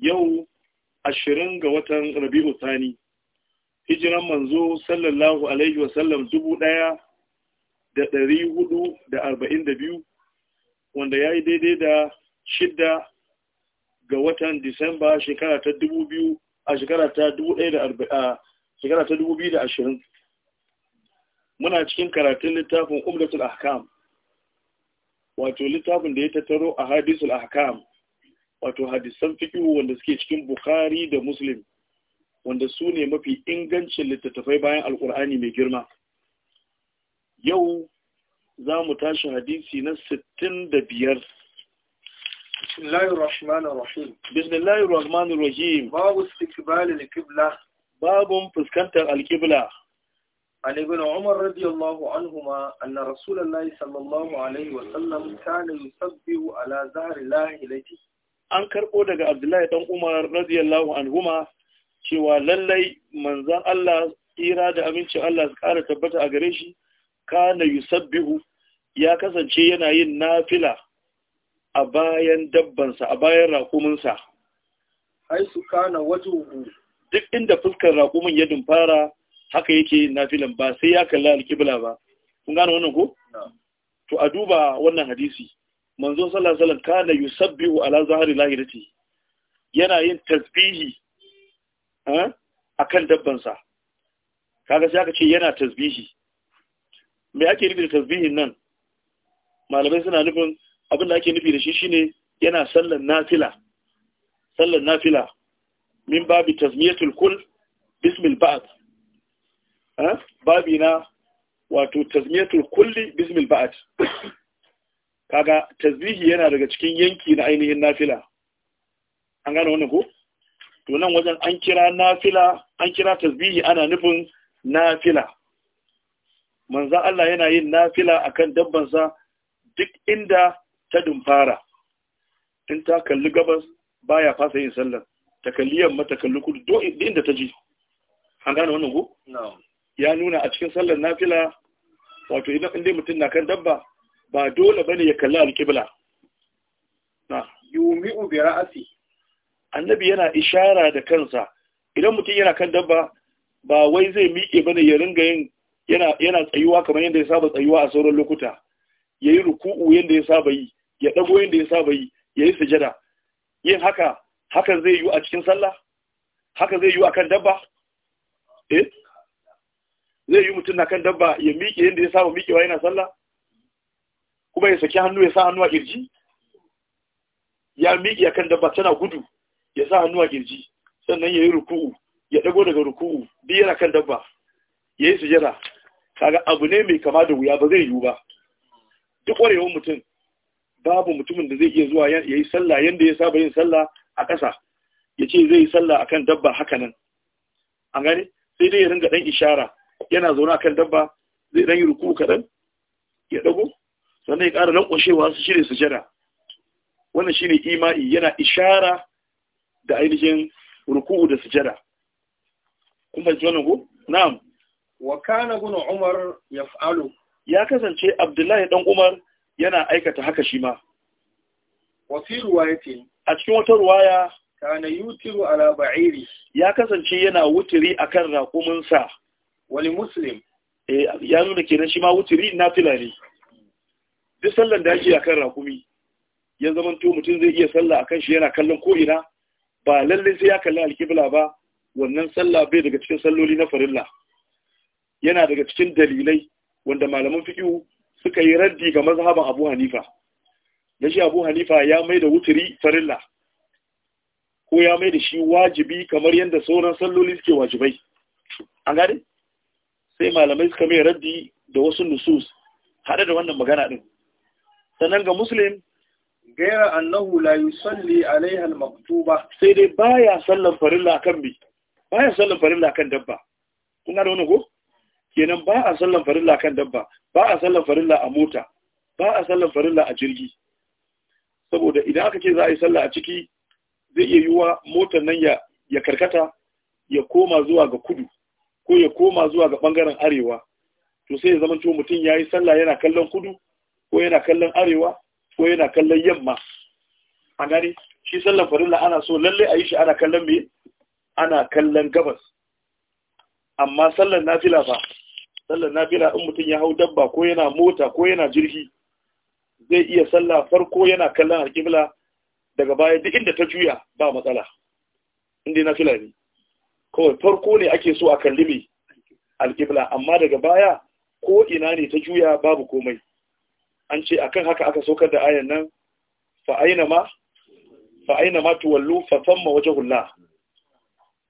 yau ashirin ga watan rabi'u Sani, hijiran manzo sallallahu alaihi wa sallam dubu ɗaya da ɗari hudu da arba'in da biyu wanda ya yi daidai da shidda ga watan disamba shekara ta dubu biyu a shekara ta dubu ɗaya da arba'a shekara ta dubu biyu da ashirin muna cikin karatun littafin umratul ahkam wato littafin da ya tattaro a hadisul ahkam wato hadisan fikihu wanda suke cikin bukhari da muslim wanda su ne mafi ingancin littattafai bayan alkur'ani mai girma yau za mu tashi hadisi na 65 bismillahir rahmanir rahim bismillahir rahim babu istiqbalil qibla babun fuskantar alqibla عن ابن عمر رضي الله عنهما أن رسول الله صلى الله عليه وسلم كان يصبه على ظهر الله إليه an karɓo daga abdullahi ɗan umar radiyallahu anhuma cewa lallai manzan Allah tsira da amincin Allah su ƙara tabbata a gare shi na yusabbihu ya kasance yana yin nafila a bayan dabbansa a bayan raƙuminsa su kana wajuhu duk inda fuskar raƙumin ya dumfara haka yake yin nafilan ba sai ya kalli alƙibla ba kun gane wannan ko to a duba wannan hadisi manzo sallallahu alaihi wasallam kana yusabbihu ala zahari lahirati yana yin tasbihi akan dabbansa kaga sai aka ce yana tasbihi me ake nufi da tasbihin nan malamai suna nufin abin da ake nufi da shi shine yana sallan nafila sallan nafila min babi tasmiyatul kul bismil ba'd eh Babina wato tasmiyatul kulli bismil ba'd kaga tasbihi yana daga cikin yanki na ainihin nafila an gane wannan ko to nan wajen an kira nafila an kira tasbihi ana nufin nafila manzo Allah yana yin nafila akan dabbansa duk inda ta dumfara in ta kalli gabas baya fasa yin sallar ta kalli yamma ta kalli kudu do inda ta ji an gane wannan ko ya nuna a cikin sallar nafila wato idan inda mutum na kan dabba ba dole bane ya kalli alƙibla na yumi bi ra'si annabi yana ishara da kansa idan mutum yana kan dabba ba wai zai miƙe bane ya ringa yin yana yana tsayuwa kamar yadda ya saba tsayuwa a sauran lokuta yayi ruku'u yadda ya saba yi ya dago yadda ya saba yi yayi sujada yin haka hakan zai yi a cikin sallah haka zai yi akan dabba eh zai yi mutum na kan dabba ya miƙe yadda ya saba miƙewa yana sallah kuma ya saki hannu ya sa hannu a kirji ya a kan dabba tana gudu ya sa hannu a kirji sannan ya yi ruku'u ya dago daga ruku'u duk yana kan dabba ya yi kaga abu ne mai kama da wuya ba zai yiwu ba duk ƙwarewar mutum babu mutumin da zai iya zuwa ya yi sallah yadda ya saba yin sallah a ƙasa ya ce zai yi sallah a kan dabba haka nan an gani, sai dai ya ringa ɗan ishara yana zaune a kan dabba zai ɗan yi rukuu kaɗan ya ɗago sannan ya ƙara lankwashewa su shirya sujada wannan shi ne ima'i yana ishara da ainihin ruku'u da sujada kun fahimci wannan ku na'am wa kana guna umar fa'alu ya kasance abdullahi dan umar yana aikata haka shi ma ce. a cikin wata ruwaya kana yutiru ala ba'iri ya kasance yana wutiri akan kan sa Wani muslim eh ya nuna kenan shi ma wutiri na ne duk sallar da ake kan rakumi ya zamanto mutum zai iya sallah akan shi yana kallon ko ina ba lallai sai ya kalli alkibla ba wannan sallah bai daga cikin salloli na farilla yana daga cikin dalilai wanda malaman fiqhu suka yi raddi ga mazhaban Abu Hanifa da shi Abu Hanifa ya mai da wuturi farilla ko ya mai da shi wajibi kamar yadda sauran salloli suke wajibai an gane sai malamai suka mai raddi da wasu nusus haɗe da wannan magana ɗin. sannan ga muslim gaira annahu la yusalli alaiha al-maktuba sai dai baya sallar farilla kan bi baya sallar farilla kan dabba kun ga wannan ko kenan ba a sallar farilla kan dabba ba a sallar farilla a mota ba a sallar farilla a jirgi saboda idan aka ce za a yi sallah a ciki zai iya yiwuwa motar nan ya ya karkata ya koma zuwa ga kudu ko ya koma zuwa ga bangaren arewa to sai ya zama cewa mutum ya yi sallah yana kallon kudu ko yana kallon arewa ko yana kallon yamma a gani shi sallan farilla ana so lalle a yi shi ana kallon me ana kallon gabas amma sallan nafila fa sallan nafila in mutum ya hau dabba ko yana mota ko yana jirgi zai iya sallah farko yana kallon alƙibla daga baya duk inda ta juya ba matsala inda fila ne kawai farko ne ake so a kalli me alƙibla amma daga baya ko ina ne ta juya babu komai an ce kan haka aka saukar da ayan nan fa’aina aina ma fa aina ma waje hula.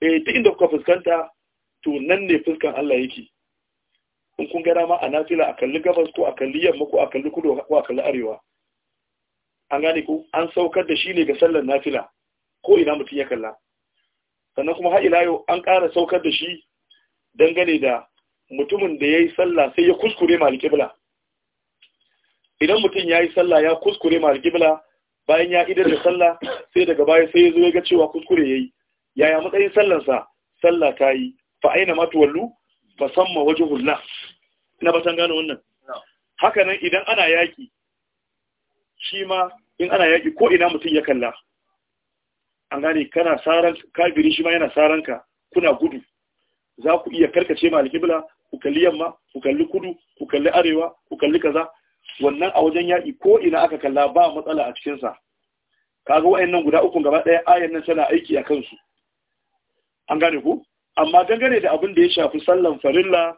E, duk inda kuka fuskanta to nan ne fuskan Allah yake in kun gara ma a nafila a kalli gabas ko a kalli yamma ko a kalli kudu ko a kalli arewa an gane ku an saukar da shi ne ga sallar nafila ko ina mutum ya kalla sannan kuma ha’ila yau an ƙara saukar da shi dangane da mutumin da ya yi sallah sai ya kuskure ma alƙibla idan mutum ya yi sallah ya kuskure ma alƙibla bayan ya idar da sallah sai daga baya sai ya zo ya ga cewa kuskure ya yi yaya matsayin sallansa sallah ta yi fa aina ma tuwallu fa samma hulla. ina ba san gano wannan haka nan idan ana yaki shi ma in ana yaki ko ina mutum ya kalla an gane kana saran kafiri shi ma yana saran ka kuna gudu za ku iya karkace ma alƙibla ku kalli yamma ku kalli kudu ku kalli arewa ku kalli kaza wannan a wajen yaƙi ko ina aka kalla ba matsala a cikinsa kaga wa'annan guda uku gaba ɗaya ayan nan tana aiki a kansu an gane ku amma dangane da abin da ya shafi sallan farilla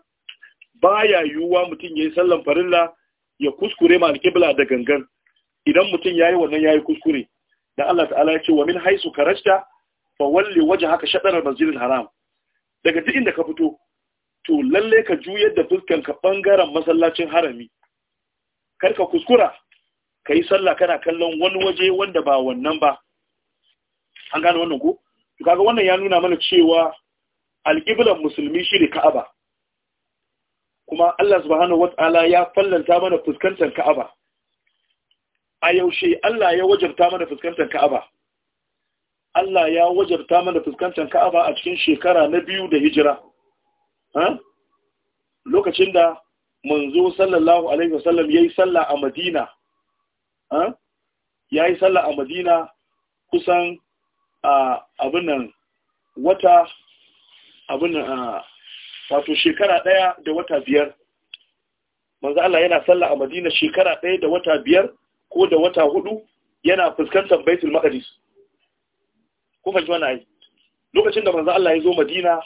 baya yiwuwa mutum ya yi sallan farilla ya kuskure ma alƙibla da gangan idan mutum ya yi wannan ya yi kuskure da Allah ta'ala ya ce wa min haisu karashta fa walli waje haka shaɗarar masjidin haram daga duk inda ka fito to lallai ka juyar da fuskan ka ɓangaren masallacin harami ka kuskura ka yi sallah kana kallon wani waje wanda ba wannan ba an gane wannan ku kaga wannan ya nuna mana cewa alƙiblan musulmi shi ne ka'aba kuma Allah subhanahu wata'ala ya fallanta mana fuskantar ka'aba a yaushe Allah ya wajabta mana fuskantar ka'aba Allah ya wajabta mana fuskantar Ka'aba a cikin shekara na biyu da hijira. Lokacin da manzo sallallahu alaihi wasallam yayi sallah a Madina yayi sallah a Madina kusan abin nan wata abin nan wato shekara daya da wata biyar manzo Allah yana sallah a Madina shekara daya da wata biyar ko da wata hudu yana fuskantar Baitul Maqdis ko fa jiwa nayi lokacin da manzo Allah ya zo Madina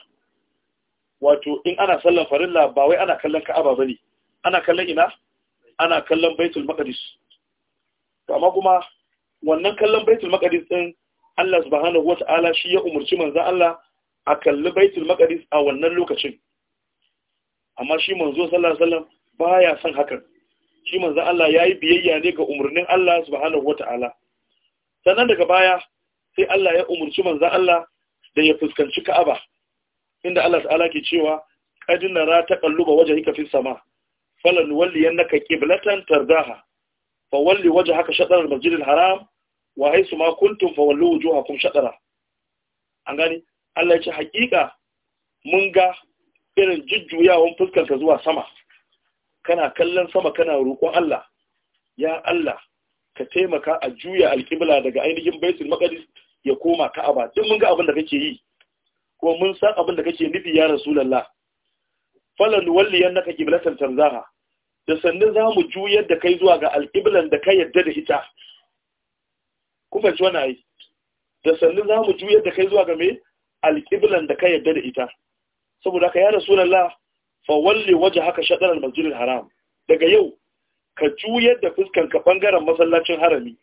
wato in ana sallan farilla ba wai ana kallon Ka'aba bane ana kallon ina ana kallon baitul maqdis to amma kuma wannan kallon baitul maqdis din Allah subhanahu wata'ala shi ya umurci manzo Allah a kalli baitul maqdis a wannan lokacin amma shi manzo sallallahu alaihi wasallam baya son hakan shi manzo Allah yayi biyayya ne ga umurnin Allah subhanahu wata'ala sannan daga baya sai Allah ya umurci manzo Allah da ya fuskanci Ka'aba inda Allah ta'ala ke cewa qad nara taqalluba wajen fi sama falan walliyannaka qiblatan tardaha fa walli wajhaka haka al-masjid haram wa su ma kuntum fa wallu wujuhakum shatra an gani Allah ya ce haƙiƙa mun ga irin jujjuyawan fuskarka zuwa sama kana kallon sama kana roƙon Allah ya Allah ka taimaka a juya alƙibla daga ainihin baitul maqdis ya koma ka'aba duk mun ga abin da kake yi kuma mun san abin da kake nufi ya rasulullah falan walliyan naka kiblatan tanzaha da sannu za mu juyar da kai zuwa ga alƙiblan da ka yadda da ita ku fahimci wannan ai da sannu za mu juyar da kai zuwa ga me alƙiblan da ka yadda da ita saboda ka ya rasulullah fa walli wajhaka haka al-masjid haram daga yau ka juyar da fuskan ka bangaren masallacin harami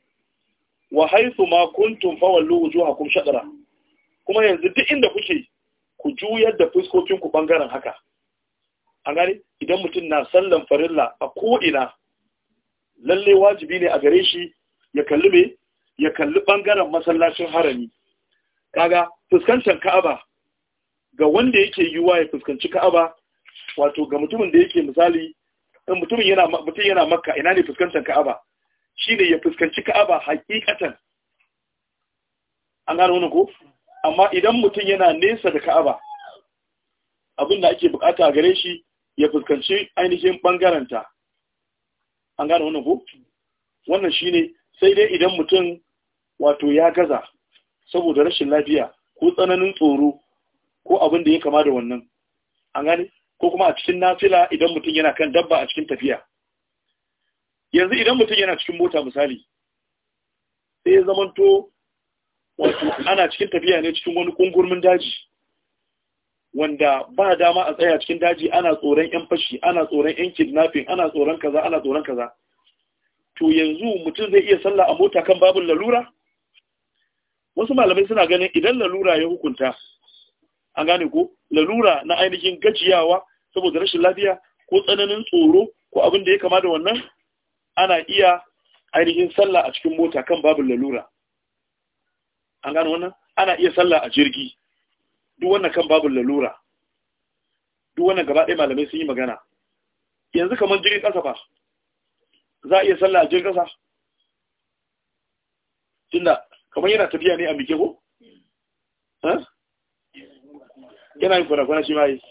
wa haythu ma kuntum fa wallu wujuhakum shaɗara. kuma yanzu duk inda kuke ku juyar da fuskokin ku bangaren haka an gane idan mutum na sallan farilla a ko'ina lalle wajibi ne a gare shi ya kalli mai ya kalli ɓangaren masallacin harami kaga fuskantar ka'aba ga wanda yake yiwuwa ya fuskanci ka'aba wato ga mutumin da yake misali in mutumin yana mutum yana makka ina ne fuskantar ka'aba shine ya fuskanci ka'aba hakikatan an gano wani ko amma idan mutum yana nesa da ka'aba abin da ake bukata gare shi ya fuskanci ainihin bangaranta an gane wannan ko wannan shine sai dai idan mutum wato ya gaza saboda rashin lafiya ko tsananin tsoro ko abin da ya kama da wannan an gane ko kuma a cikin nafila idan mutum yana kan dabba a cikin tafiya yanzu idan mutum yana cikin mota misali sai ya zamanto wato ana cikin tafiya ne cikin wani kungurmin daji wanda ba dama a tsaya cikin daji ana tsoron yan fashi ana tsoron yan kidnafin, ana tsoron kaza ana tsoron kaza to yanzu mutum zai iya sallah a mota kan babin lalura wasu malamai suna ganin idan lalura ya hukunta an gane ko lalura na ainihin gajiyawa saboda rashin lafiya ko tsananin tsoro ko abin da ya kama da wannan ana iya ainihin sallah a cikin mota kan babin lalura an gane wannan ana iya sallah a jirgi duk wannan kan babu lalura duk wannan gaba ɗaya malamai sun yi magana yanzu kamar jirgin ƙasa ba za a iya sallah a jirgin ƙasa tunda kamar yana tafiya ne a bike ko yana yin kwana-kwana shi ma yi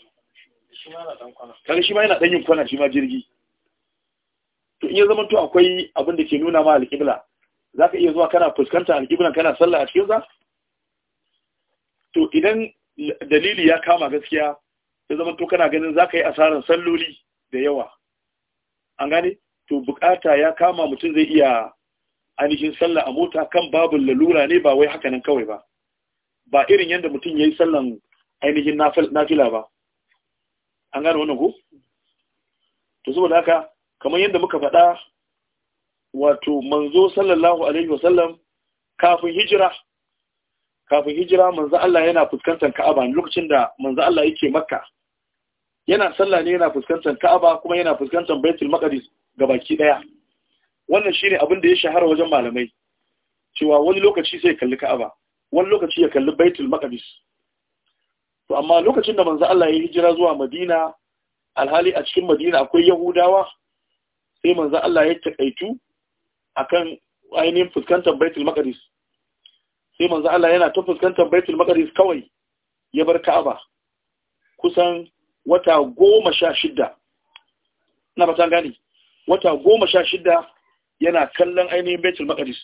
kaga shi ma yana ɗan yin kwana shi ma jirgi to in ya zama to akwai abin da ke nuna ma alƙibla za ka iya zuwa kana fuskanta alƙiblan kana sallah a cikin za to idan dalili ya kama gaskiya ya zama to kana ganin zaka yi asarar salloli da yawa an gane to bukata ya kama mutum zai iya ainihin sallah a mota kan babu lalura ne ba wai hakanan kawai ba ba irin yadda mutum ya yi sallan ainihin nafila ba an gane wannan ko to saboda haka kamar yadda muka faɗa wato manzo sallallahu alaihi wasallam kafin hijira kafin hijira manzo Allah yana fuskantar Ka'aba lokacin da manzo Allah yake Makka yana sallah ne yana fuskantar Ka'aba kuma yana fuskantar Baitul Maqdis gabaki daya wannan shine abin da ya shahara wajen malamai cewa wani lokaci sai kalli Ka'aba wani lokaci ya kalli Baitul Maqdis to amma lokacin da manzo Allah ya hijira zuwa Madina alhali a cikin Madina akwai Yahudawa sai manzo Allah ya takaitu akan ainihin fuskantar Baitul Maqdis sai manzo Allah yana ta fuskantar Baitul Maqdis kawai ya bar Ka'aba kusan wata goma sha gani wata goma yana kallon ainihin Baitul Maqdis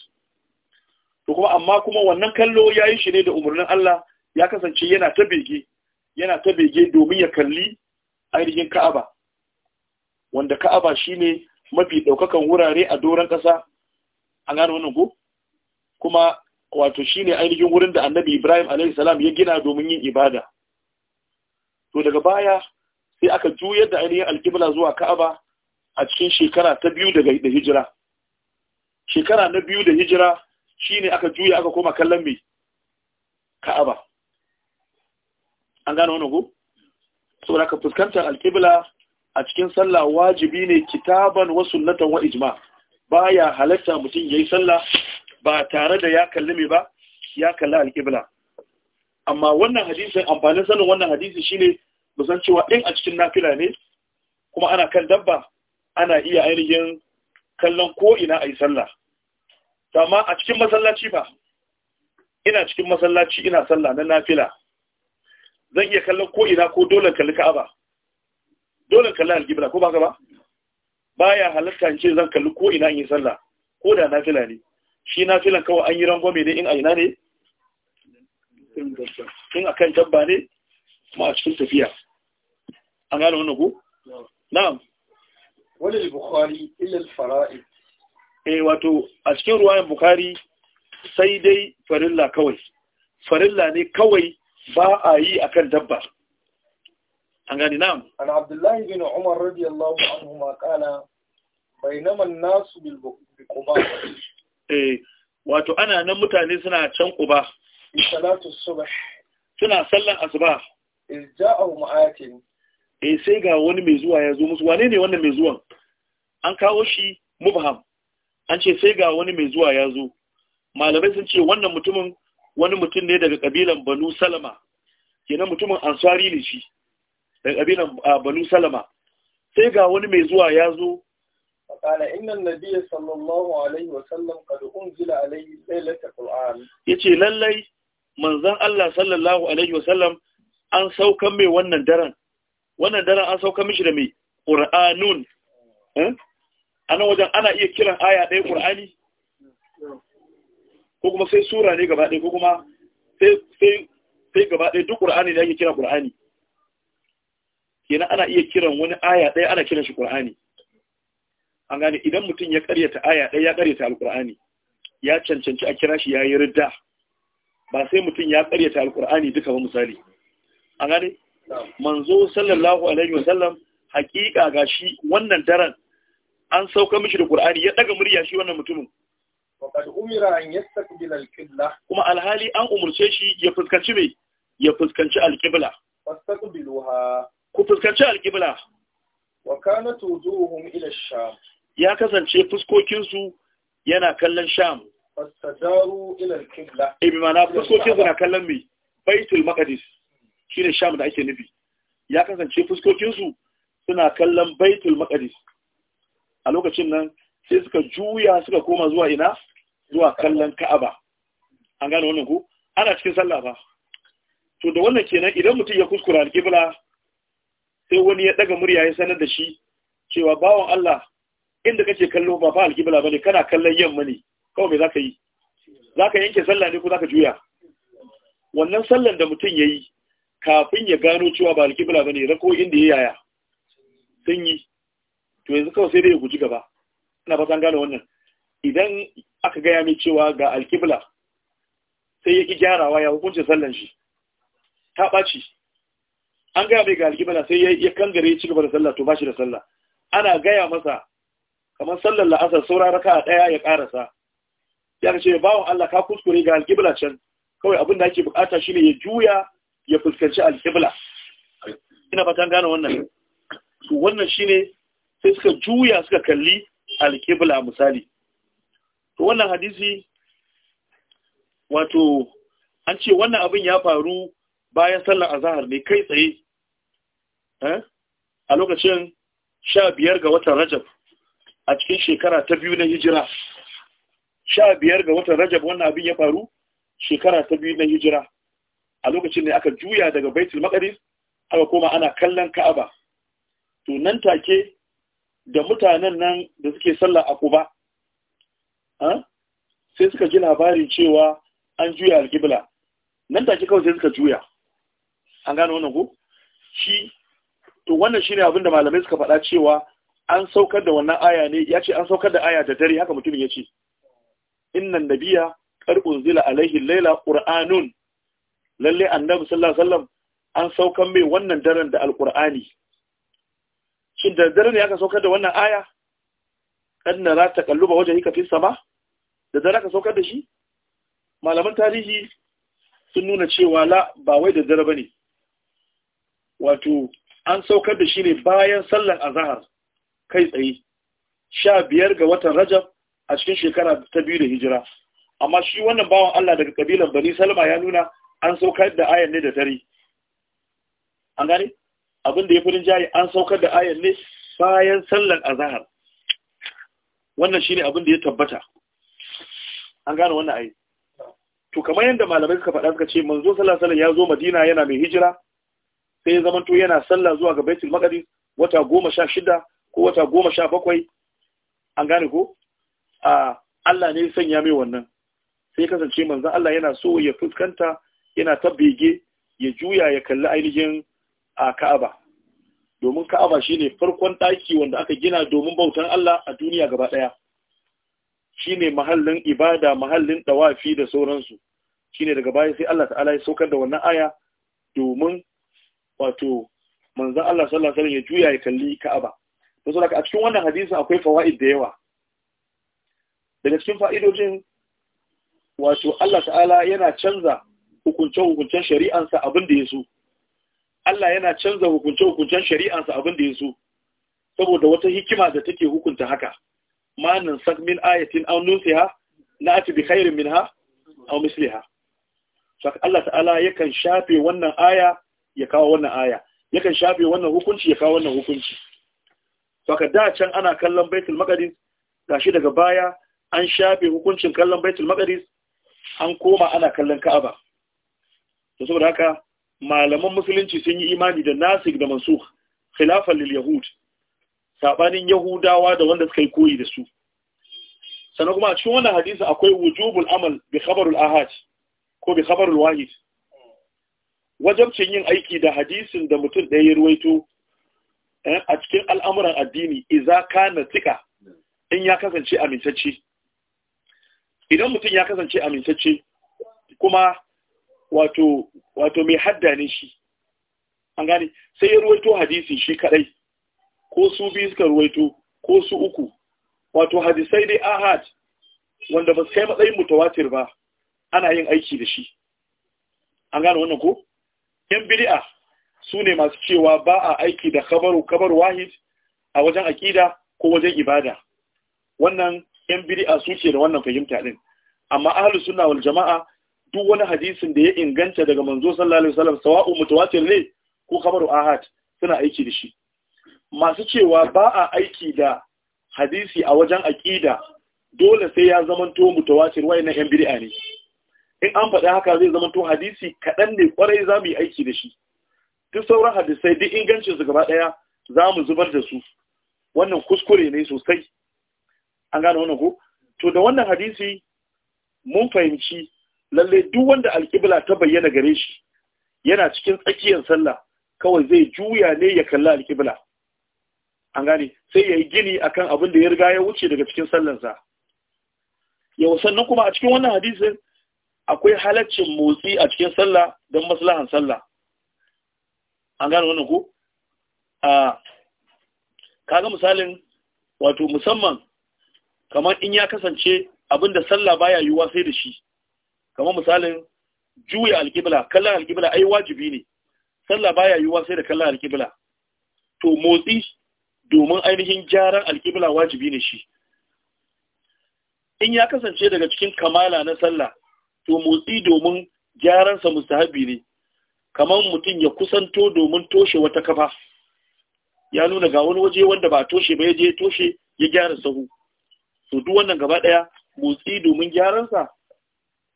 to kuma amma kuma wannan kallo yayin shi ne da umarnin Allah ya kasance yana ta bege yana ta bege domin ya kalli ainihin Ka'aba wanda Ka'aba shine mafi daukakan wurare a doron ƙasa an gano wannan ko kuma wato shine ainihin wurin da annabi Ibrahim alaihi ya gina domin yin ibada to daga baya sai aka juyar da ainihin alkibla zuwa Ka'aba a cikin shekara ta biyu daga da hijira shekara na biyu da hijira shine aka juya aka koma kallon mai Ka'aba an gane wani ku? saboda ka fuskantar alkibla a cikin sallah wajibi ne kitaban wasu sunnatan wa ijma baya halatta mutum ya yi sallah ba tare da ya kalli mai ba ya kalli alƙibla amma wannan hadisin amfanin sanin wannan hadisi shine musan cewa in a cikin nafila ne kuma ana kan dabba ana iya ainihin kallon ko ina a yi sallah amma a cikin masallaci ba ina cikin masallaci ina sallah na nafila zan iya kallon ko ina ko dole kalli ka'aba dole kalli alƙibla ko ba ka ba baya halatta in ce zan kalli ko ina in yi sallah ko da nafila ne shi na filan kawai an yi rangwame ne in a ina ne in a kan dabba ne kuma a cikin tafiya an gane wannan ku? na'am wani bukari ilil fara'i eh wato a cikin ruwayan bukari sai dai farilla kawai farilla ne kawai ba a yi a kan dabba an gani na'am an abdullahi bin umar radiyallahu anhu ma kana bainama nasu bil quba Eh, wato ana nan mutane suna can uba salatu subh suna sallan asuba izja'u mu'atin eh sai ga wani mai zuwa ya zo musu wane ne wannan mai zuwan an kawo shi mubham an ce sai ga wani mai zuwa ya zo malamai sun ce wannan mutumin wani mutum ne daga kabilan banu salama kenan mutumin ansari ne shi daga kabilan ah, banu salama sai ga wani mai zuwa ya zo قال إن النبي صلى الله عليه وسلم قد أنزل عليه ليلة القرآن يتي للي من ذن الله صلى الله عليه وسلم أن سوك مي ونن درن ونن درن أن سوك مش رمي قرآنون أنا وجن أنا إيه كلا آية دي قرآني ko kuma sai sura ne gaba ɗaya ko kuma sai gaba ɗaya duk Qur'ani da ake kira Qur'ani kenan ana iya kiran wani aya ɗaya ana kiran shi Qur'ani an gane idan mutum ya karyata aya ɗaya ya karyata alkur'ani ya cancanci a kira shi ya yi ridda ba sai mutum ya karyata alkur'ani duka ba misali an gane manzo sallallahu alaihi wasallam hakika ga shi wannan daren an sauka mishi da qur'ani ya daga murya shi wannan mutumin faqad umira an yastaqbil al-qibla kuma alhali an umurce shi ya fuskanci me ya fuskanci al-qibla fastaqbiluha ku fuskanci al-qibla wa kanat wujuhum ila ash-sham ya kasance fuskokinsu yana kallon sham fasadaru ila kibla. Ibi eh, mana fuskokinsu na kallon mai baitul maqdis ne sham da ake nufi ya kasance fuskokinsu suna kallon baitul maqdis a lokacin nan sai suka juya suka koma zuwa ina zuwa kallon ka'aba an gane wannan ku ana cikin sallah ba to da wannan kenan idan mutum ya kuskura al sai wani ya daga murya ya sanar da shi cewa Bawan Allah inda kake kallo ba fa alƙibla bane kana kallon yamma ne kawai me zaka yi zaka yanke sallah ne ko zaka juya wannan sallan da mutum yayi kafin ya gano cewa ba alƙibla bane rako inda yayi yaya sun yi to yanzu kawai sai dai ya guji gaba ina fatan gane wannan idan aka gaya mai cewa ga alƙibla sai ya ki gyarawa ya hukunce sallan shi ta ɓaci an gaya mai ga alƙibla sai ya kangare ya ci gaba da sallah to ba shi da sallah ana gaya masa kamar sallar la'asar saura raka a ɗaya ya ƙarasa ya ce bawon Allah ka kuskure ga alƙibla can kawai abin da ake bukata ne ya juya ya fuskanci alƙibla ina fatan gane wannan to wannan ne sai suka juya suka kalli alƙibla misali to wannan hadisi wato an ce wannan abin ya faru bayan sallar azahar ne kai tsaye eh, a lokacin sha biyar ga watan rajab a cikin shekara ta biyu na hijira sha biyar ga watan rajab wannan abin ya faru shekara ta biyu na hijira a lokacin ne aka juya daga baitul maqdis aka koma ana kallon ka'aba to nan take da mutanen nan da suke sallah a kuba sai suka ji labarin cewa an juya alƙibla nan take kawai sai suka juya an gano wannan ko shi to wannan shine abin da malamai suka faɗa cewa an saukar da wannan aya ne ya ce an saukar da aya da dare haka mutumin ya ce innan nabiya karbun zila alaihi laila qur'anun lalle annabi sallallahu alaihi wasallam an saukar mai wannan daren da alqur'ani shin da dare ne aka saukar da wannan aya kan nara takalluba wajhika fis sama da dare aka saukar da shi malaman tarihi sun nuna cewa la ba wai da dare bane wato an saukar da shi ne bayan sallar azahar kai tsaye sha biyar ga watan rajab a cikin shekara ta biyu da hijira amma shi wannan bawan Allah daga kabilan bani salma ya nuna an saukar da ayan ne da dare an gane abin da ya fi rinjaye an saukar da ayan ne bayan sallar azahar wannan shine abin da ya tabbata an gane wannan ayi to kamar yadda malamai suka faɗa suka ce manzo sallallahu alaihi ya zo madina yana mai hijira sai ya zamanto yana sallah zuwa ga baitul maqdis wata goma sha shida ko wata goma sha bakwai an gane ko a Allah ne sanya mai wannan sai kasance manzan Allah yana so ya fuskanta yana ta ya juya ya kalli ainihin a Ka'aba domin Ka'aba shine farkon ɗaki wanda aka gina domin bautan Allah a duniya gaba ɗaya shine mahallin ibada mahallin ɗawafi da sauransu shine daga baya sai Allah ta'ala ya saukar da wannan aya domin wato manzan Allah sallallahu alaihi ya juya ya kalli Ka'aba da saboda a cikin wannan hadisin akwai fawaid da yawa daga cikin fa'idojin wato Allah ta'ala yana canza hukunce-hukuncen shari'ansa abin da ya so Allah yana canza hukunce-hukuncen shari'ansa abin da ya so saboda wata hikima da take hukunta haka manin min ayatin aw nunsiha na ati bi khairin minha aw misliha saka Allah ta'ala yakan shafe wannan aya ya kawo wannan aya yakan shafe wannan hukunci ya kawo wannan hukunci Baka da can ana kallon baitul maqdis gashi daga baya an shafe hukuncin kallon baitul maqdis an koma ana kallon ka'aba to saboda haka malaman musulunci sun yi imani da nasikh da mansukh khilafan lil yahud sabanin yahudawa da wanda suka yi koyi da su sannan kuma a cikin wannan hadisi akwai wujubul amal bi khabarul ahad ko bi khabarul wahid wajabcin yin aiki da hadisin da mutum ɗaya ya ruwaito Eh, a cikin al'amuran addini iza kana tika in ya kasance amintacce idan mutum ya kasance amintacce kuma wato wato mai hadda ne shi an gane sai ya ruwaito hadisi shi kadai ko su biyu suka ruwaito ko su uku wato hadisai dai ahad wanda ba su kai matsayin mutawatir ba ana yin aiki da shi an gane wannan ko yan biri'a. su ne masu cewa ba a aiki da kabaru kabar wahid a wajen aƙida ko wajen ibada wannan yan bid'a suke da wannan fahimta din amma ahlu sunna wal jama'a duk wani hadisin da ya inganta daga manzo sallallahu alaihi wasallam sawa'u mutawatir ne ko kabaru ahad suna aiki da shi masu cewa ba a aiki da hadisi a wajen aƙida dole sai ya zamanto mutawatir wayannan yan bid'a ne in an faɗi haka zai zamanto hadisi kaɗan ne kwarai za mu yi aiki da shi duk sauran hadisai duk ingancin su gaba daya za mu zubar da su wannan kuskure ne sosai an gane wannan ko to da wannan hadisi mun fahimci lalle duk wanda alƙibla ta bayyana gare shi yana cikin tsakiyar sallah kawai zai juya ne ya kalli alƙibla an gane sai ya yi gini akan abin da ya riga ya wuce daga cikin sallansa yau sannan kuma a cikin wannan hadisin akwai halaccin motsi a cikin sallah don maslahan sallah an gane wannan ko a kaga misalin wato musamman kamar in ya kasance abinda sallah baya yiwuwa sai da shi kamar misalin juya alƙibla kallon alƙibla ai wajibi ne sallah baya yiwuwa sai da kallon alƙibla to motsi domin ainihin gyaran alƙibla wajibi ne shi in ya kasance daga cikin kamala na sallah to motsi domin gyaransa mustahabi ne kamar mutum ya kusanto domin toshe wata kafa ya nuna ga wani waje wanda ba toshe ba ya je toshe ya gyara sahu to duk wannan gaba daya motsi domin gyaran sa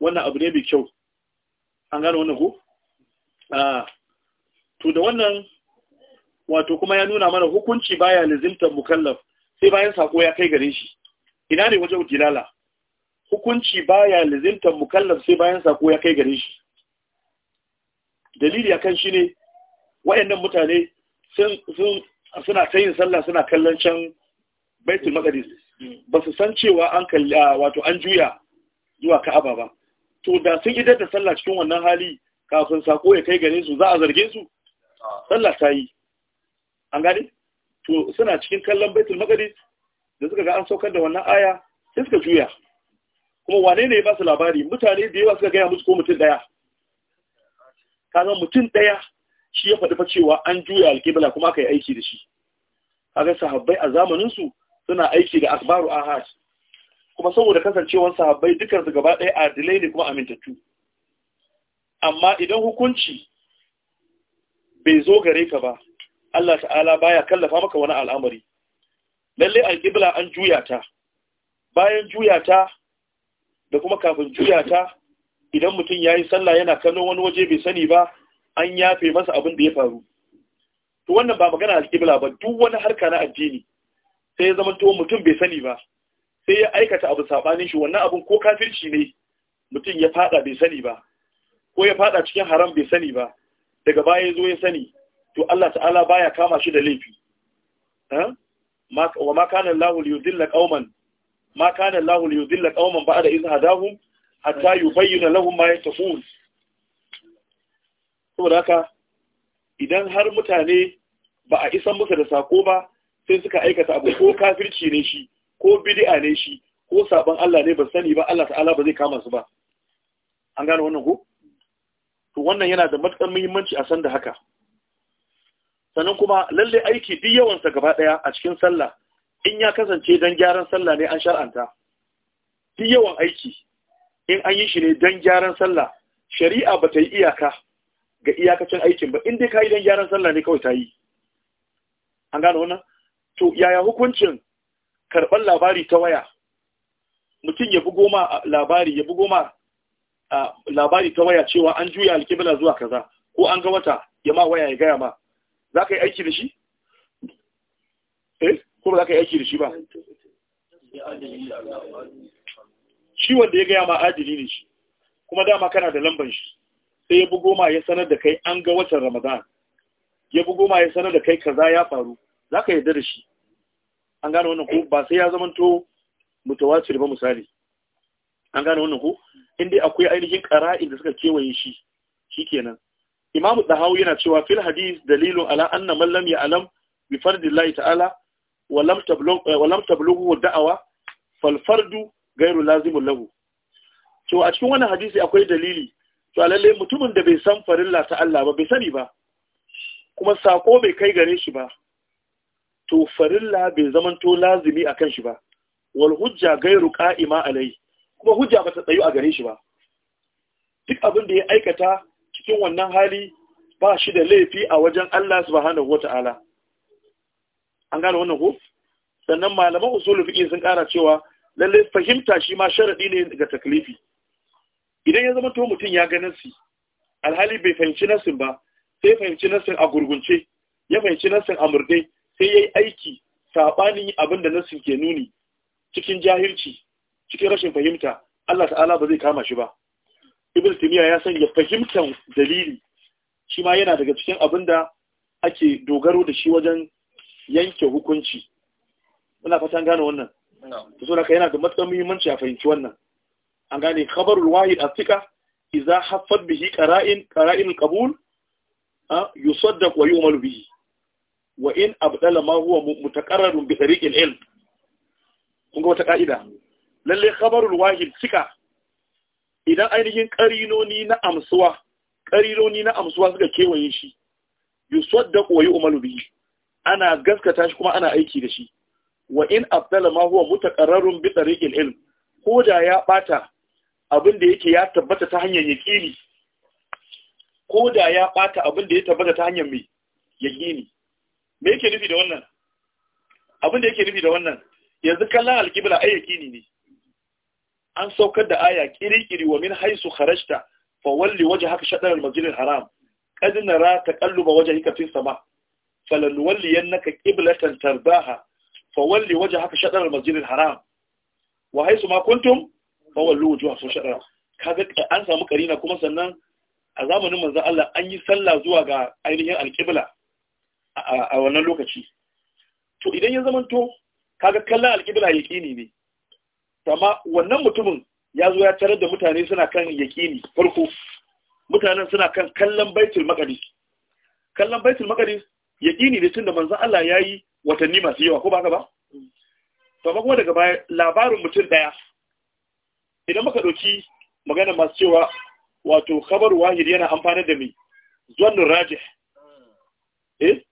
wannan abu ne mai kyau an gane wannan ko a to da wannan wato kuma ya nuna mana hukunci baya lazimtar mukallaf sai bayan sako ya kai gare shi ina ne waje dilala hukunci baya lazimtar mukallaf sai bayan sako ya kai gare shi dalili akan shi ne wayannan mutane suna ta yin sallah suna kallon can baitul maqdis ba su san cewa an kalli wato an juya zuwa ka'aba ba to da sun idar da sallah cikin wannan hali kafin sako ya kai gare su za a zarge su sallah ta yi an gane to suna cikin kallon baitul maqdis da suka ga an saukar da wannan aya sai suka juya kuma wane ne ya ba su labari mutane da yawa suka gaya musu ko mutum daya kaga mutum ɗaya shi ya faɗi fa cewa an juya alƙibla kuma aka yi aiki da shi kaga sahabbai a zamaninsu suna aiki da akbaru ahad kuma saboda kasancewar sahabbai dukkan su gaba ɗaya adilai ne kuma amintattu amma idan hukunci bai zo gare ka ba Allah ta'ala baya kallafa maka wani al'amari lalle alƙibla an juya ta bayan juya ta da kuma kafin juya ta idan mutum ya yi sallah yana kallon wani waje bai sani ba an yafe masa abin da ya faru to wannan ba magana alƙibla ba duk wani harka na addini sai ya zama to mutum bai sani ba sai ya aikata abu sabanin shi wannan abun ko kafirci ne mutum ya fada bai sani ba ko ya faɗa cikin haram bai sani ba daga baya ya zo ya sani to Allah ta'ala baya kama shi da laifi eh? wa ma kana Allahu liyudilla qauman ma kana Allahu liyudilla qauman ba'da iz hadahum hatta na lahun ma yattaqun saboda haka idan har mutane ba a isan musa da sako ba sai suka aikata abu ko kafirci ne shi ko bidi'a ne shi ko sabon Allah ne ba sani ba Allah ta'ala ba zai kama su ba an gane wannan ko to wannan yana da matukar muhimmanci a san da haka sannan kuma lallai aiki duk yawansa gaba ɗaya a cikin sallah in ya kasance don gyaran sallah ne an shar'anta duk yawan aiki in an yi shi ne don gyaran sallah shari'a ba ta yi iyaka ga iyakacin aikin ba in dai ka yi don gyaran sallah ne kawai ta yi an gano wannan to yaya hukuncin karɓar labari ta waya mutum ya bugo ma labari ya bugo ma labari ta waya cewa an juya alkibla zuwa kaza ko an ga wata ya ma waya ya gaya ma za ka yi aiki da shi? eh ko ba za ka yi aiki da shi ba shi wanda ya gaya ma adili ne shi kuma dama kana da lamban shi sai ya bugo ma ya sanar da kai an ga watan ramadan ya bugo ma ya sanar da kai kaza ya faru za ka yarda da shi an gane wannan ko ba sai ya zamanto mutawatir ba misali an gane wannan ko inda akwai ainihin qara'in da suka kewaye shi shikenan imamu dahawi yana cewa fil hadith dalilun ala anna man lam ya'lam bi fardillahi ta'ala wa lam tablughu wa lam tablughu da'awa fal fardu gairu lazimun lahu to a cikin wannan hadisi akwai dalili to lalle mutumin da bai san farilla ta Allah ba bai sani ba kuma sako bai kai gare shi ba to farilla bai zamanto lazimi akan shi ba wal hujja gairu qa'ima alai kuma hujja ba ta tsayu a gare shi ba duk abin da ya aikata cikin wannan hali ba shi da laifi a wajen Allah subhanahu wata'ala an gane wannan ko sannan malaman usulul fiqh sun kara cewa lalle fahimta shi ma sharadi ne ga taklifi idan ya zama to mutum ya ga nasi alhali bai fahimci nasin ba sai fahimci nasin a gurgunce ya fahimci nasin a murde sai yayi aiki sabanin abinda da nasin ke nuni cikin jahilci cikin rashin fahimta Allah ta'ala ba zai kama shi ba ibn timiya ya sanya fahimtar dalili shi ma yana daga cikin abin da ake dogaro da shi wajen yanke hukunci muna fatan gane wannan to so yana da matsayin muhimmanci a fahimci wannan an gane khabarul wahid atika idza haffat bihi qara'in qara'in al-qabul yusaddaq wa yu'mal bihi wa in abdala ma huwa mutaqarrarun bi tariqi al-ilm kun ga wata ka'ida lalle khabarul wahid sika idan ainihin qarinoni na amsuwa qarinoni na amsuwa suka kewaye shi yusaddaq wa yu'mal bihi ana gaskata shi kuma ana aiki da shi wa in afdala ma huwa mutaqarrarun bi tariqil ilm ko da ya bata abin da yake ya tabbata ta hanyar yaqini ko da ya bata abin da ya tabbata ta hanyar mai yaqini me yake nufi da wannan abin da yake nufi da wannan yanzu kallon alkibla ai yaqini ne an saukar da aya kirikiri wa min haisu kharajta fa walli wajhaka shatr al-masjid al-haram qad nara taqalluba wajhika fi sama falanwalliyannaka qiblatan tardaha fawalli waje haka shaɗar almasjidin haram wa haisu ma kuntum fawallu waje wasu shaɗar kaga an samu karina kuma sannan a zamanin manzo Allah an yi sallah zuwa ga ainihin alƙibla a wannan lokaci to idan ya zama to, kaga kallon alƙibla yaƙini ne amma wannan mutumin ya zo ya tarar da mutane suna kan yaƙini farko mutanen suna kan kallon baitul maqdis kallon baitul maqdis yaƙini ne tunda manzo Allah yi. watanni masu yawa ko ba ka ba to ba kuma daga baya labarin mutum daya idan muka ɗauki magana masu cewa wato khabar wahid yana amfani da mai zonnin rajih eh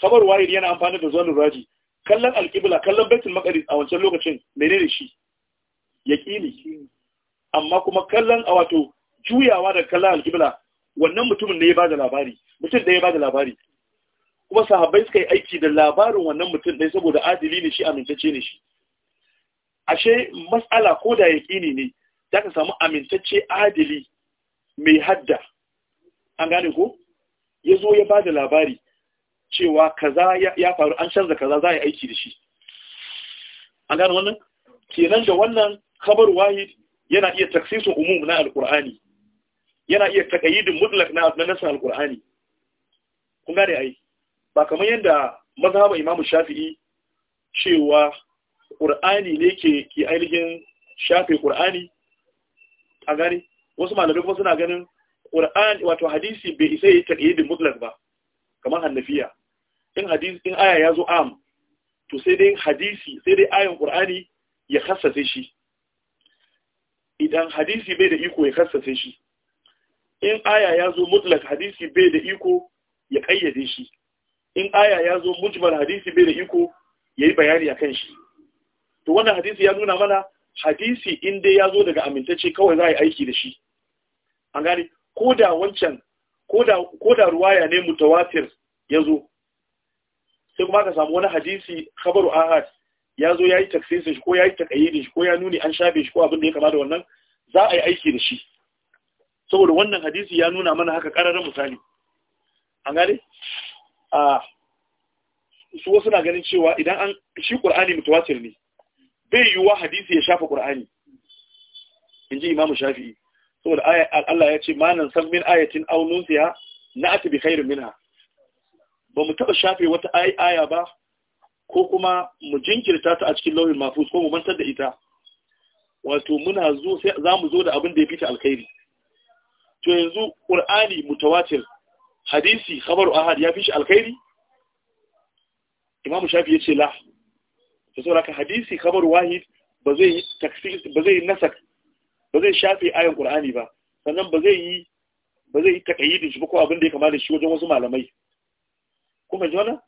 khabar wahid yana amfani da zonnin rajih kallon alƙibla kallon baitul maƙaris a wancan lokacin menene shi ya ƙini. amma kuma kallon a wato juyawa da kallon alƙibla wannan mutumin ne ya ba da labari mutum da ya ba da labari kuma sahabbai suka yi aiki da labarin wannan mutum ɗaya saboda adili ne shi amintacce ne shi ashe matsala ko da yaƙi ne za ka samu amintacce adili mai hadda an gane ko ya zo ya ba da labari cewa kaza ya faru an canza kaza za a yi aiki da shi an gane wannan kenan da wannan kabar wahid yana iya taksisun umum na alkur'ani yana iya takayidin mutlak na nasar alkur'ani kun gane ai ba kamar yadda mazhaba Imam shafi'i cewa ƙur'ani ne ke ke ainihin shafe ƙur'ani a gari wasu malamai kuma suna ganin ƙur'ani wato hadisi bai isa ya yi da mutlak ba kamar hannafiya in hadisi in aya ya zo am to sai dai hadisi sai dai ayan ƙur'ani ya kassace shi idan hadisi bai da iko ya kassace shi in aya ya zo mutlak hadisi bai da iko ya ƙayyade shi in aya ya zo mujmal hadisi bai da iko yayi bayani akan shi to wannan hadisi ya nuna mana hadisi in dai ya zo daga amintacce kawai za a yi aiki da shi an gane ko da wancan ko da ruwaya ne mutawatir ya zo sai kuma ka samu wani hadisi khabaru ahad ya zo ya yi taksisin shi ko ya yi takayyidin shi ko ya nuni an shafe shi ko abin da ya kama da wannan za a yi aiki da shi saboda wannan hadisi ya nuna mana haka ƙararren misali an gane a su wasu na ganin cewa idan an shi ƙurani mutuwatir ne bai yiwuwa hadisi ya shafa ƙur'ani. in ji imamu shafi'i saboda Allah ya ce ma nan san min ayatin siya na na'ati bi khairin minha ba mu taɓa shafe wata aya ba ko kuma mu jinkirta ta a cikin lauyin mafus ko mu mantar da ita wato muna zo sai za mu zo da abin da ya fita alkhairi to yanzu ƙur'ani mutawatir hadisi khabaru ahad ya fi shi alkhairi imamu shafi ya ce la saura ka hadisi khabaru wahid ba zai yi nasak ba zai shafe ayan qur'ani ba sannan ba zai yi ba takayyidin shi ba ko abin da ya kamata shi wajen wasu malamai kuma jona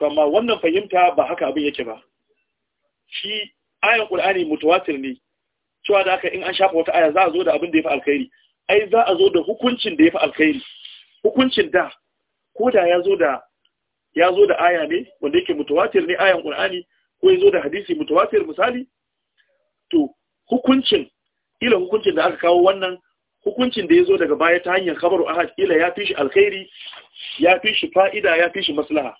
amma wannan fahimta ba haka abin yake ba shi ayan qur'ani mutawatir ne cewa da aka in an shafa wata aya za a zo da abin da ya fi alkhairi ai za a zo da hukuncin da ya fi alkhairi hukuncin da ko da ya zo da ya zo da aya ne wanda yake mutawatir ne ayan qur'ani ko ya zo da hadisi mutawatir misali to hukuncin ila hukuncin da aka kawo wannan hukuncin da ya zo daga baya ta hanyar khabaru ahad ila ya fi shi alkhairi ya fi shi fa'ida ya fi shi maslaha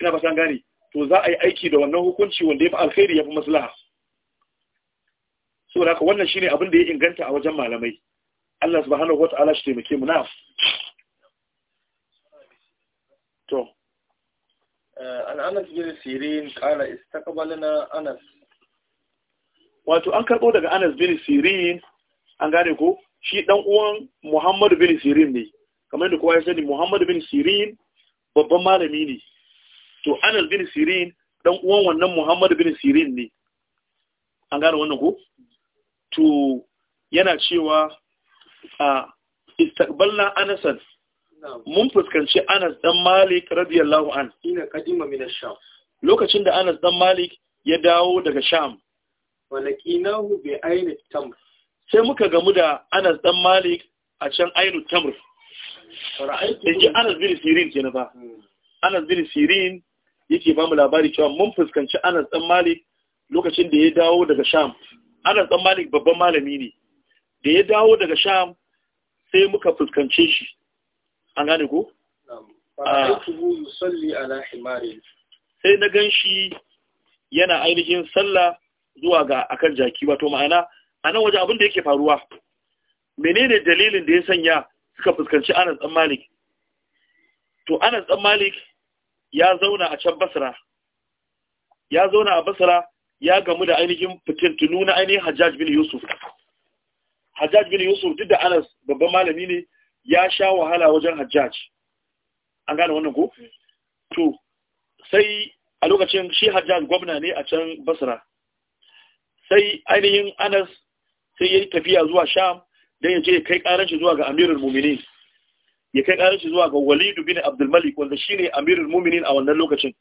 ina ba san gane to za a yi aiki da wannan hukunci wanda ya fi alkhairi ya fi maslaha saboda haka wannan shine abin da ya inganta a wajen malamai Allah subhanahu ta'ala shi taimake mu na to eh, an anas bin sirin qala na anas wato an karbo daga anas bin sirin an gane ko shi dan uwan muhammad bin sirin ne kamar yadda kowa ya sani muhammad bin sirin babban malami ne to anas bin sirin dan uwan wannan muhammad bin sirin ne an gane wannan ko to yana cewa a ah, istaqbalna anasan mun fuskanci Anas dan Malik radiyallahu an ina kadima min ash-Sham lokacin da Anas dan Malik ya dawo daga Sham walakinahu bi ayni tamr sai muka gamu da Anas dan Malik a can ayni tamr ra'aytu Anas bin Sirin na ba hmm. Anas bin Sirin yake ba mu labari cewa mun fuskanci Anas dan Malik lokacin da ya dawo daga Sham Anas dan Malik babban malami ne da ya dawo daga Sham sai muka fuskance shi an gane ko ah. sai na gan shi yana ainihin sallah zuwa ga akan jaki wato ma'ana a nan waje abin da yake faruwa menene dalilin da ya sanya suka fuskanci anas dan malik to anas dan malik ya zauna a can basra ya zauna a basra ya gamu da ainihin fitintunu na ainihin hajjaj bin yusuf hajjaj bin yusuf duk da anas babban malami ne ya sha wahala wajen hajjaj an gane wannan ko to sai a lokacin shi hajjaj gwamna ne a can basra sai ainihin anas sai ya yi tafiya zuwa sham don ya je ya kai karanci zuwa ga amirul muminin ya kai karanci zuwa ga walidu bin abdulmalik wanda shi ne amirul muminin a wannan lokacin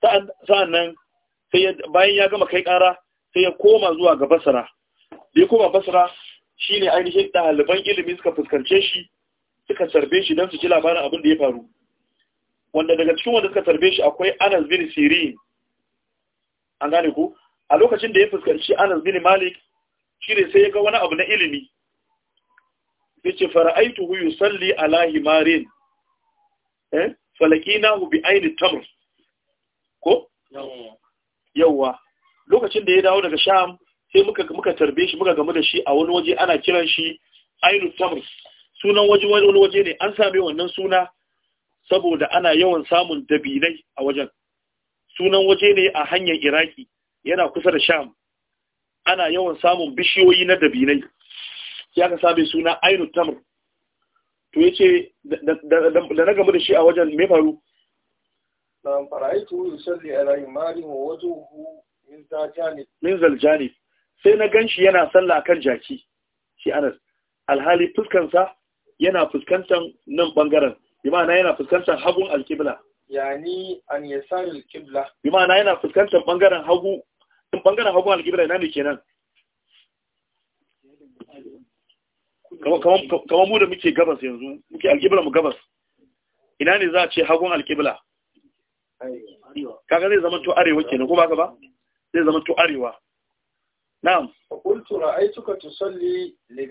sa'an nan bayan ya gama kai kara sai ya koma zuwa ga basra da ya koma basra shi ne ainihin ɗaliban ilimi suka fuskance shi suka sarbe shi don su ji labarin abin da ya faru wanda daga cikin wanda suka sarbe shi akwai anas bin sirin an gane ku a lokacin da ya fuskanci anas bin malik shi ne sai ya ga wani abu na ilimi ya ce fara'aituhu salli ala himarin eh hu bi aini tamar. ko yawwa lokacin da ya dawo daga sham sai muka muka tarbe shi muka gamu da shi a wani waje ana kiran shi ainu tamr sunan waje wani waje ne an same wannan suna saboda ana yawan samun dabilai a wajen sunan waje ne a hanyar iraki yana kusa da sham ana yawan samun bishiyoyi na dabilai ya ka same suna ainu tamr to yace da na gamu da shi a wajen me faru na faraitu yusalli ala imarin wa wajhuhu min zaljani min zaljani sai na ganshi yana sallah kan jaki shi anas alhali fuskansa yana fuskantar nan bangaren bi ma'ana yana fuskantar hagun alkibla yani an yasar alkibla bi ma'ana yana fuskantar bangaren hagu in bangaren hagun alkibla ina ne kenan kamar mu da muke gabas yanzu muke alkibla mu gabas ina ne za a ce hagun alkibla kaga zai zama to arewa kenan ko ba ka ba zai zama to arewa na'am qultu ra'aytuka tusalli li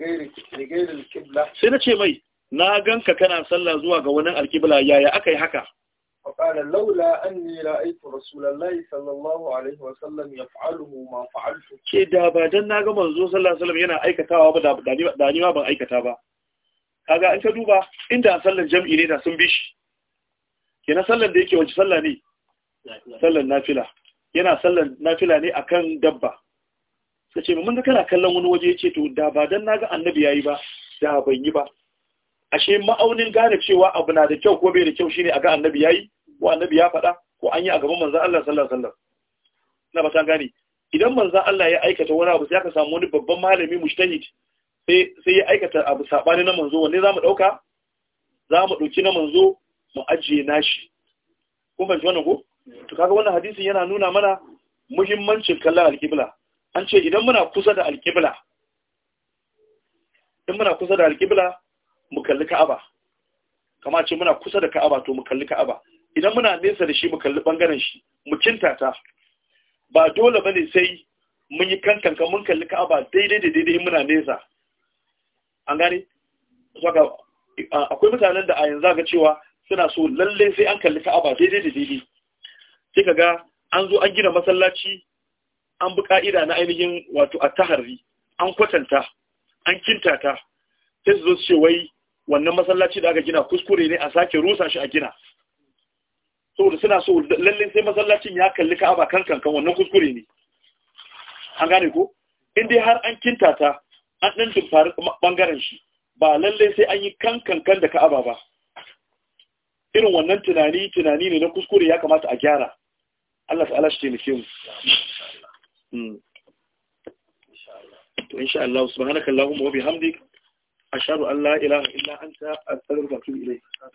al-qibla sai ce mai na ganka kana sallah zuwa ga wani alkibla yaya aka yi haka an لولا أني رأيت rasulallah, sallallahu alaihi wa sallam, ya يفعله ما فعلته ke da ba dan ga manzo sallallahu alaihi wasallam yana aikatawa ba da ni ma ban aikata ba kaga in ka duba inda sallar jam'i ne da sun bi shi kenan sallar da yake wace sallah ne sallar nafila yana sallar nafila ne akan dabba ta ce mun ga kana kallon wani waje ya ce to da ba dan naga annabi yayi ba da ban yi ba ashe ma'aunin gane cewa abu na da kyau ko bai da kyau shine a ga annabi yayi ko annabi ya faɗa ko an yi a gaban manzon Allah sallallahu alaihi wasallam na ba ta gani idan manzon Allah ya aikata wani abu sai aka samu wani babban malami mujtahid sai sai ya aikata abu sabani na manzo wanne zamu dauka zamu dauki na manzo mu ajiye nashi kun fahimci wannan ko to kaga wannan hadisin yana nuna mana muhimmancin kallon alkibla an ce idan muna kusa da alƙibla idan muna kusa da alƙibla mu kalli ka'aba kama ce muna kusa da ka'aba to mu kalli ka'aba idan muna nesa da shi mu kalli bangaren shi mu cinta ta ba dole bane sai mun yi kankanka mun kalli ka'aba daidai da daidai muna nesa an gane saka akwai mutanen da a yanzu ga cewa suna so lalle sai an kalli ka'aba daidai da daidai sai ga an zo an gina masallaci an bi ka'ida na ainihin wato a tahari an kwatanta an kintata sai su ce wai wannan masallaci da aka gina kuskure ne a sake rusa shi a gina saboda suna so lalle sai masallacin ya kalli ka'aba kan kankan wannan kuskure ne an gane ko in dai har an kintata an ɗan tumfari ɓangaren shi ba lallai sai an yi kan kankan da ka'aba ba irin wannan tunani tunani ne na kuskure ya kamata a gyara Allah ta'ala shi taimake mu Hmm. to insha Allah subhanakallahumma wa bihamdik ashhadu an la ilaha illa anta astaghfiruka wa atubu ilayk